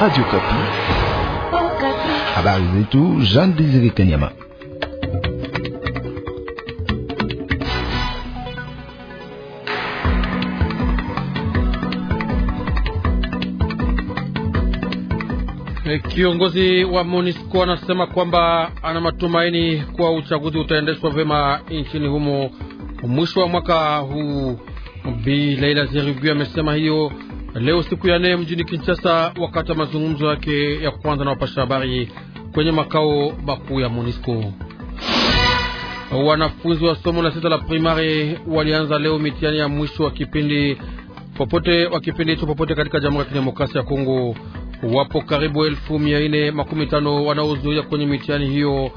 Radio Kapi. Habari zetu Jean Desire Kanyama. E, kiongozi wa MONUSCO anasema kwamba ana matumaini kuwa uchaguzi utaendeshwa vyema nchini humo mwisho wa mwaka huu. Bi Leila Zeribwi amesema hiyo leo siku ya nne mjini Kinshasa, wakati mazungumzo yake ya kwanza na wapasha habari kwenye makao makuu ya MONUSCO. Wanafunzi wa somo la sita la primari walianza leo mitihani ya mwisho wa kipindi popote wa kipindi hicho popote katika Jamhuri ya Kidemokrasia ya Kongo. Wapo karibu elfu mia nne makumi tano wanaohudhuria kwenye mitihani hiyo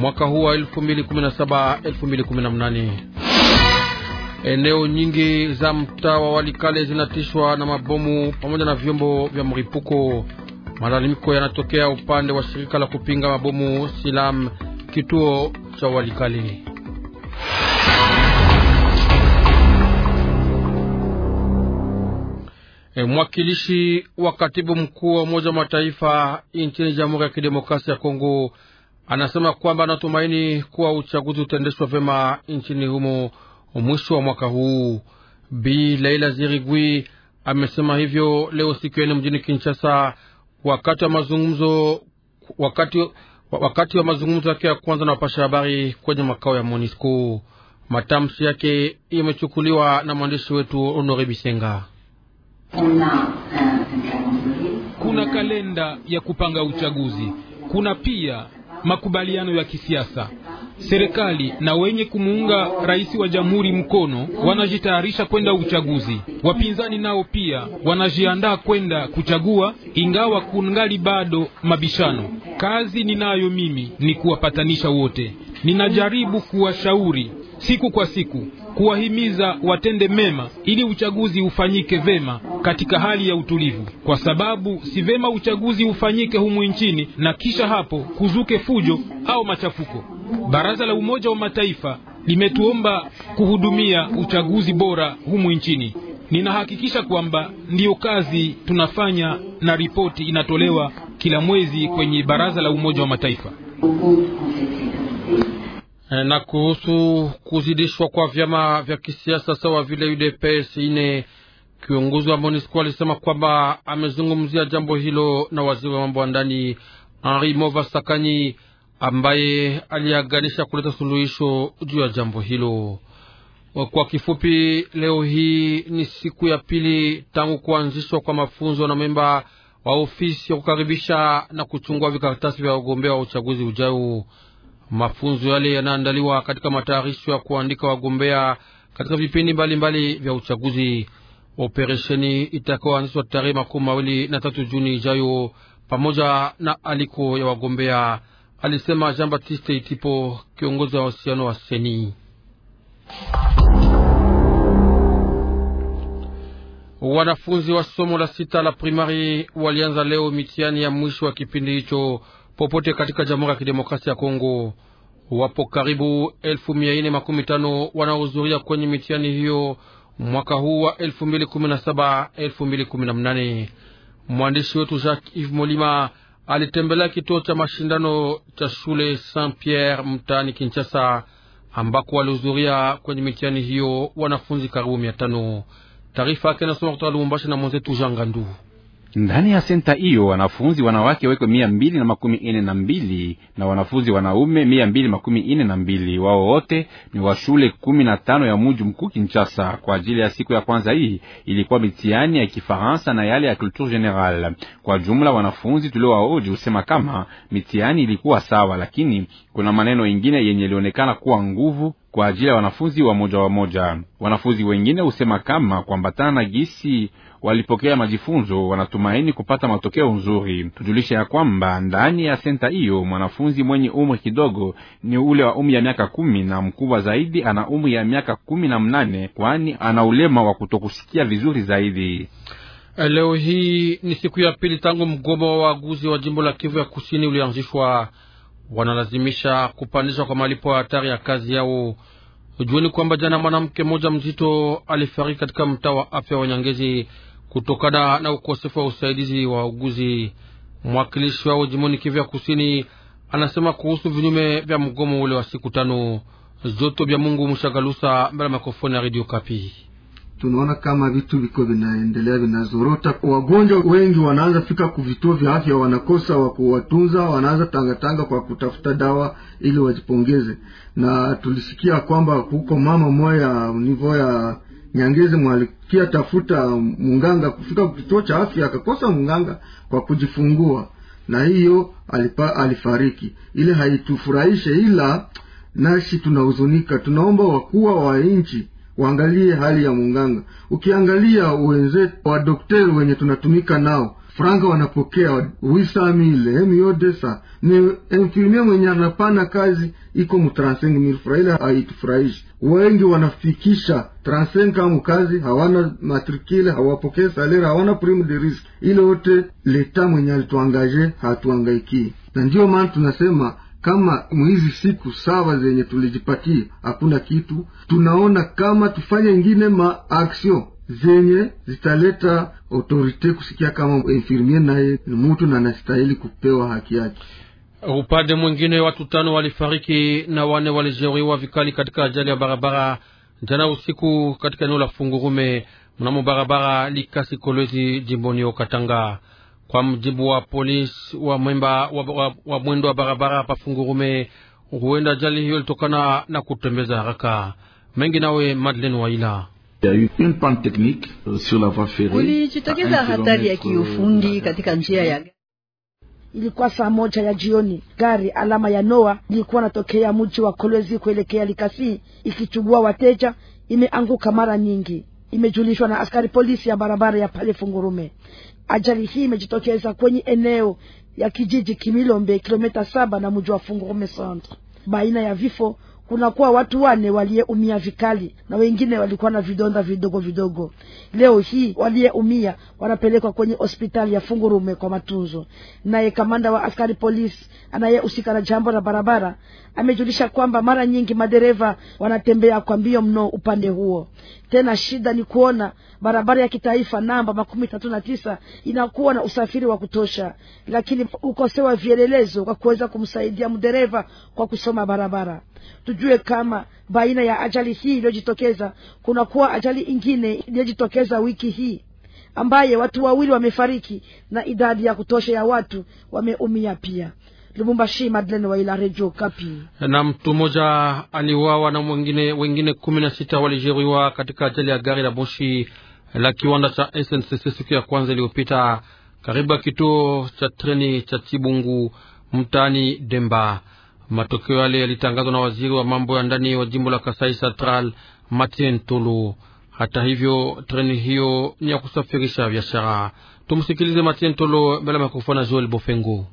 mwaka huu wa 2017 2018. Eneo nyingi za mtaa wa Walikale zinatishwa na mabomu pamoja na vyombo vya mripuko. Malalamiko yanatokea upande wa shirika la kupinga mabomu Silam, kituo cha Walikale. E, mwakilishi wa katibu mkuu wa Umoja wa Mataifa nchini Jamhuri ya Kidemokrasia ya Kongo anasema kwamba anatumaini kuwa uchaguzi utaendeshwa vyema nchini humo mwisho wa mwaka huu. Bi Laila Zirigwi amesema hivyo leo siku ya nne mjini Kinshasa wakati wa mazungumzo wakati, wakati wa mazungumzo yake ya kwanza na wapasha habari kwenye makao ya Monisco. Matamshi yake yamechukuliwa na mwandishi wetu Honore Bisenga. Uh, kuna kalenda ya kupanga uchaguzi, kuna pia makubaliano ya kisiasa Serikali na wenye kumuunga rais wa jamhuri mkono wanajitayarisha kwenda uchaguzi. Wapinzani nao pia wanajiandaa kwenda kuchagua, ingawa kungali bado mabishano. Kazi ninayo mimi ni kuwapatanisha wote. Ninajaribu kuwashauri siku kwa siku kuwahimiza watende mema ili uchaguzi ufanyike vema katika hali ya utulivu, kwa sababu si vema uchaguzi ufanyike humu nchini na kisha hapo kuzuke fujo au machafuko. Baraza la Umoja wa Mataifa limetuomba kuhudumia uchaguzi bora humu nchini. Ninahakikisha kwamba ndiyo kazi tunafanya na ripoti inatolewa kila mwezi kwenye Baraza la Umoja wa Mataifa. Eh, na kuhusu kuzidishwa kwa vyama vya kisiasa sawa vile UDPS ine, kiongozi wa MONUSCO alisema kwamba amezungumzia jambo hilo na waziri wa mambo ya ndani Henri Mova Sakanyi ambaye aliaganisha kuleta suluhisho juu ya jambo hilo. Kwa kifupi, leo hii ni siku ya pili tangu kuanzishwa kwa mafunzo na memba wa ofisi ya kukaribisha na kuchungua vikaratasi vya ugombea wa uchaguzi ujao. Mafunzo yale yanaandaliwa katika matayarisho ya kuandika wagombea katika vipindi mbalimbali vya uchaguzi. Operesheni itakayoanzishwa tarehe makumi mawili na tatu Juni ijayo pamoja na aliko ya wagombea, alisema Jean Baptiste Itipo, kiongozi wa uhusiano wa Seni. Wanafunzi wa somo la sita la primari walianza leo mitihani ya mwisho wa kipindi hicho popote katika Jamhuri ya Kidemokrasia ya Kongo. Wapo karibu elfu mia nne makumi tano wanaohudhuria kwenye mitihani hiyo mwaka huu wa elfu mbili kumi na saba elfu mbili kumi na nane. Mwandishi wetu Jacques Yves Molima alitembelea kituo cha mashindano cha shule Saint Pierre mtaani Kinshasa, ambako walihudhuria kwenye mitihani hiyo wanafunzi karibu mia tano. Taarifa yake inasoma kutoka Lubumbashi na mwenzetu Jean Gandu. Ndani ya senta hiyo wanafunzi wanawake weko mia mbili na makumi ine na mbili na wanafunzi wanaume mia mbili makumi ine na mbili wao wote ni wa shule kumi na tano ya muji mkuu Kinshasa. Kwa ajili ya siku ya kwanza hii ilikuwa mitihani ya Kifaransa na yale ya culture general. Kwa jumla wanafunzi tuliowaoji husema kama mitihani ilikuwa sawa, lakini kuna maneno ingine yenye ilionekana kuwa nguvu kwa ajili ya wanafunzi wa moja. Wanafunzi wengine husema kama kuambatana na gisi walipokea majifunzo, wanatumaini kupata matokeo nzuri. Tujulishe ya kwamba ndani ya senta hiyo mwanafunzi mwenye umri kidogo ni ule wa umri ya miaka kumi na mkubwa zaidi ana umri ya miaka kumi na mnane kwani ana ulema wa kutokusikia vizuri zaidi. Leo hii ni siku ya pili tangu mgomo wa waaguzi wa jimbo la Kivu ya kusini ulianzishwa wanalazimisha kupandishwa kwa malipo ya hatari ya kazi yao. Jueni kwamba jana mwanamke mmoja mzito alifariki katika mtaa wa afya wa Nyangezi kutokana na ukosefu wa usaidizi wa wauguzi. Mwakilishi wao jimoni Kivu ya kusini anasema kuhusu vinyume vya mgomo ule wa siku tano. Zoto vya Mungu Mshagalusa mbele ya makofoni ya Radio Kapi tunaona kama vitu viko vinaendelea vinazorota. Wagonjwa wengi wanaanza fika kuvituo vya afya, wanakosa wa kuwatunza, wanaanza tangatanga kwa kutafuta dawa ili wajipongeze. Na tulisikia kwamba huko mama moya nivo ya Nyangezi mwalikia tafuta munganga kufika kituo cha afya akakosa munganga kwa kujifungua, na hiyo alipa, alifariki. Ile haitufurahishe, ila nasi tunahuzunika. Tunaomba wakuwa wa nchi waangalie hali ya munganga. Ukiangalia wenzetu wadokteri wenye tunatumika nao franga wanapokea wisamile sa ni infirmier mwenye anapana kazi iko mu transengi mil Wengi wanafikisha transengi kamu kazi hawana matrikile, hawapokee salera, hawana prime de risque. Ile yote leta mwenye alituangaje hatuangaikii, na ndiyo maana tunasema kama mwizi siku saba zenye tulijipatia hakuna kitu, tunaona kama tufanye ingine maaksion zenye zitaleta autorite kusikia kama infirmie naye ni mutu na anastahili kupewa haki yake. Upande mwingine watu tano walifariki na wane walijeruhiwa vikali katika ajali ya barabara jana usiku katika eneo la Fungurume mnamo barabara Likasi Kolwezi jimboni Okatanga. Kwa mjibu wa polisi wa mwemba wa, wa, wa mwendo wa barabara Pafungurume, huenda ajali hiyo ilitokana na kutembeza haraka mengi. Nawe Madeleine Waila kulijitokeza euh, hatari ya kiufundi euh, katika njia ya Ilikuwa saa moja ya jioni, gari alama ya Noa ilikuwa natokea mji wa Kolwezi kuelekea Likasi ikichugua wateja, imeanguka mara nyingi, imejulishwa na askari polisi ya barabara ya pale Fungurume. Ajali hii imejitokeza kwenye eneo ya kijiji Kimilombe, kilomita saba na mji wa Fungurume Centre. Baina ya vifo kunakuwa watu wane waliyeumia vikali na wengine walikuwa na vidonda vidogo vidogo. Leo hii waliyeumia wanapelekwa kwenye hospitali ya Fungurume kwa matunzo. Naye kamanda wa askari polisi anayehusika na jambo la barabara amejulisha kwamba mara nyingi madereva wanatembea kwa mbio mno upande huo. Tena shida ni kuona barabara ya kitaifa namba makumi tatu na tisa inakuwa na usafiri wa kutosha, lakini ukosewa vielelezo kwa kuweza kumsaidia mdereva kwa kusoma barabara tujue kama baina ya ajali hii iliyojitokeza kunakuwa ajali ingine iliyojitokeza wiki hii ambaye watu wawili wamefariki na idadi ya kutosha ya watu wameumia pia. Lubumbashi, Madlen Waila, Redio Kapi. Na mtu mmoja aliwawa na mwengine, wengine kumi na sita walijeruhiwa katika ajali ya gari la moshi la kiwanda cha SNCC siku ya kwanza iliyopita karibu ya kituo cha treni cha Chibungu mtaani Demba. Matokeo yale yalitangazwa na waziri wa mambo ya ndani wa jimbo la Kasai Central Martin Tulu. Hata hivyo treni hiyo ni ya kusafirisha biashara. Tumsikilize Martin Tolo mbele ya mikrofoni ya Joel Bofengo.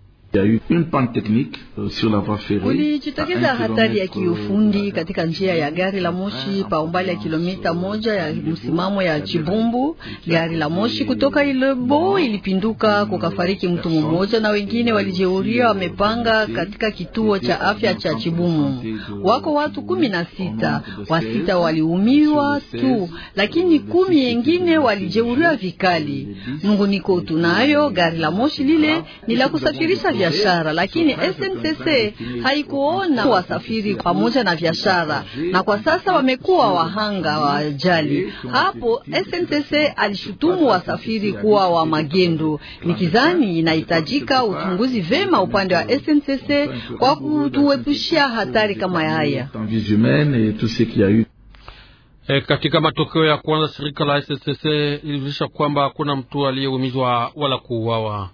Kulijitokeza euh, hatari ya euh, kiufundi katika njia ya gari la moshi pa umbali ya kilomita moja ya msimamo ya Chibumbu. Gari la moshi kutoka Ilebo ilipinduka kukafariki mtu mmoja na wengine walijeuriwa wamepanga katika kituo cha afya cha Chibumbu. Wako watu kumi na sita, wasita waliumiwa tu, lakini kumi wengine walijeuriwa vikali. Munguniko tunayo gari la moshi lile ni la kusafirisha biashara, lakini SNCC haikuona wasafiri pamoja na biashara, na kwa sasa wamekuwa wahanga wa ajali. Hapo SNCC alishutumu wasafiri kuwa wa magendo. Nikizani inahitajika uchunguzi vema upande wa SNCC kwa kutuepushia hatari kama haya. E, katika matokeo ya kwanza shirika la SSC ilijulisha kwamba hakuna mtu aliyeumizwa wala kuuawa.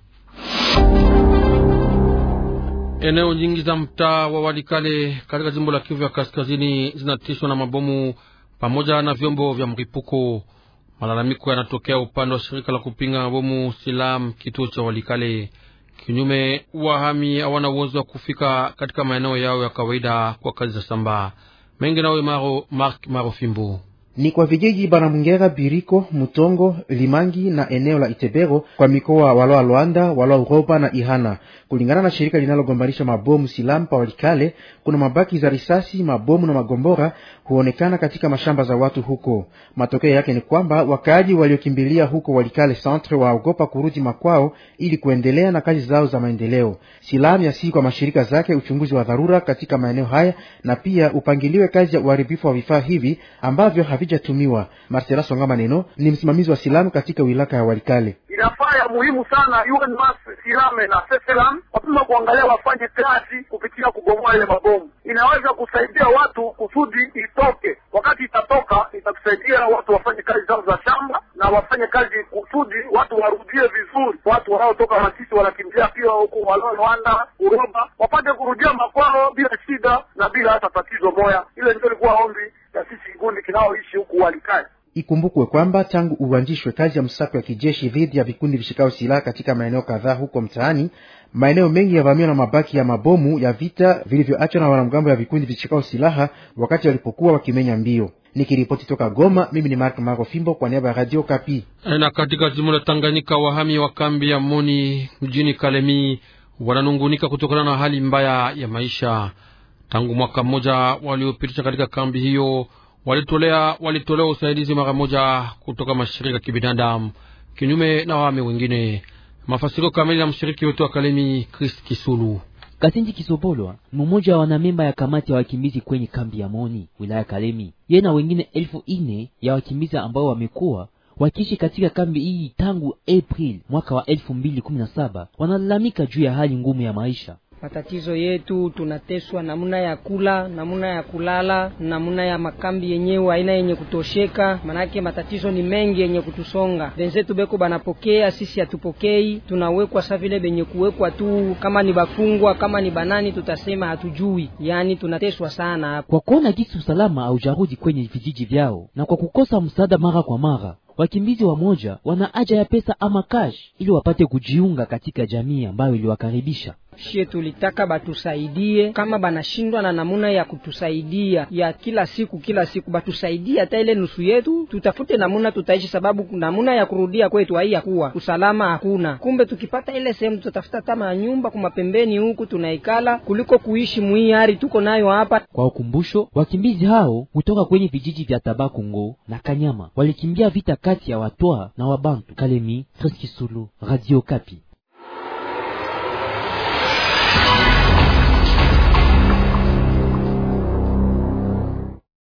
Eneo nyingi za mtaa wa Walikale katika jimbo la Kivu ya Kaskazini zinatishwa na mabomu pamoja na vyombo vya mripuko. Malalamiko yanatokea upande wa shirika la kupinga mabomu Silam kituo cha Walikale. Kinyume, wahami hawana uwezo wa kufika katika maeneo yao ya kawaida kwa kazi za shamba mengi. Nawe Maro Mark fimbo ni kwa vijiji Banamwingera, Biriko, Mutongo, Limangi na eneo la Itebero kwa mikoa Walwa Luanda, Walwa Uropa na Ihana. Kulingana na shirika linalogombanisha mabomu Silampa Walikale, kuna mabaki za risasi, mabomu na magombora huonekana katika mashamba za watu huko. Matokeo yake ni kwamba wakaaji waliokimbilia huko Walikale centre waogopa kurudi makwao ili kuendelea na kazi zao za maendeleo. Silam yasii kwa mashirika zake uchunguzi wa dharura katika maeneo haya na pia upangiliwe kazi ya uharibifu wa vifaa hivi ambavyo havi havijatumiwa. Marcela Songa Maneno ni msimamizi wa silamu katika wilaka ya Walikale. Inafaa ya muhimu sana UNMAS silame na seselam wapima kuangalia wafanye kazi kupitia kugomoa ile mabomu, inaweza kusaidia watu kusudi itoke. Wakati itatoka, itatusaidia watu wafanye kazi zao za shamba na wafanye kazi kusudi watu warudie vizuri. Watu wanaotoka Masisi wanakimbilia pia huku walio Rwanda, Uroba, wapate kurudia makwao bila shida na bila hata tatizo moya. Ile ndio ilikuwa ombi na sisi kikundi kinaoishi huku Walikali. Ikumbukwe kwamba tangu uanzishwe kazi ya msako ya kijeshi dhidi ya vikundi vishikao silaha katika maeneo kadhaa huko mtaani, maeneo mengi yavamiwa na mabaki ya mabomu ya vita vilivyoachwa na wanamgambo ya vikundi vishikao silaha wakati walipokuwa wakimenya mbio. Nikiripoti toka Goma, mimi ni Mark Maro Fimbo kwa niaba ya Radio Kapi. Na katika jimbo la Tanganyika, wahami wa kambi ya Moni mjini Kalemi wananungunika kutokana na hali mbaya ya maisha. Tangu mwaka mmoja waliopitisha katika kambi hiyo walitolea walitolewa usaidizi mara moja kutoka mashirika kibinadamu kinyume na wame wengine. Mafasiko kamili na mshiriki wetu wa Kalemi Chris Kisulu. Kasinji Kisobolwa mmoja wa wanamemba ya kamati ya wakimbizi kwenye kambi ya Moni wilaya Kalemi, yeye na wengine elfu ine ya wakimbizi ambao wamekuwa wakiishi katika kambi hii tangu April mwaka wa elfu mbili kumi na saba wanalalamika juu ya hali ngumu ya maisha matatizo yetu, tunateswa namna ya kula, namna ya kulala, namna ya makambi yenyewe aina yenye kutosheka. Manake matatizo ni mengi yenye kutusonga. Wenzetu beko banapokea, sisi hatupokei, tunawekwa sa vile benye kuwekwa tu. Kama ni bafungwa, kama ni banani, tutasema hatujui. Yani tunateswa sana kwa kuona jinsi usalama aujarudi kwenye vijiji vyao na kwa kukosa msaada mara kwa mara wakimbizi wa moja wana haja ya pesa ama cash ili wapate kujiunga katika jamii ambayo iliwakaribisha. Shie tulitaka batusaidie, kama banashindwa na namuna ya kutusaidia ya kila siku kila siku, batusaidie hata ile nusu yetu, tutafute namuna tutaishi, sababu namuna ya kurudia kwetu hai yakuwa usalama hakuna. Kumbe tukipata ile sehemu tutatafuta tama nyumba kumapembeni huku tunaikala kuliko kuishi mwiari tuko nayo hapa. Kwa ukumbusho, wakimbizi hao kutoka kwenye vijiji vya ngo na Kanyama walikimbia vita kati ya Watwa na Wabantu. Kalemi, Tresky Kisulu, Radio Kapi.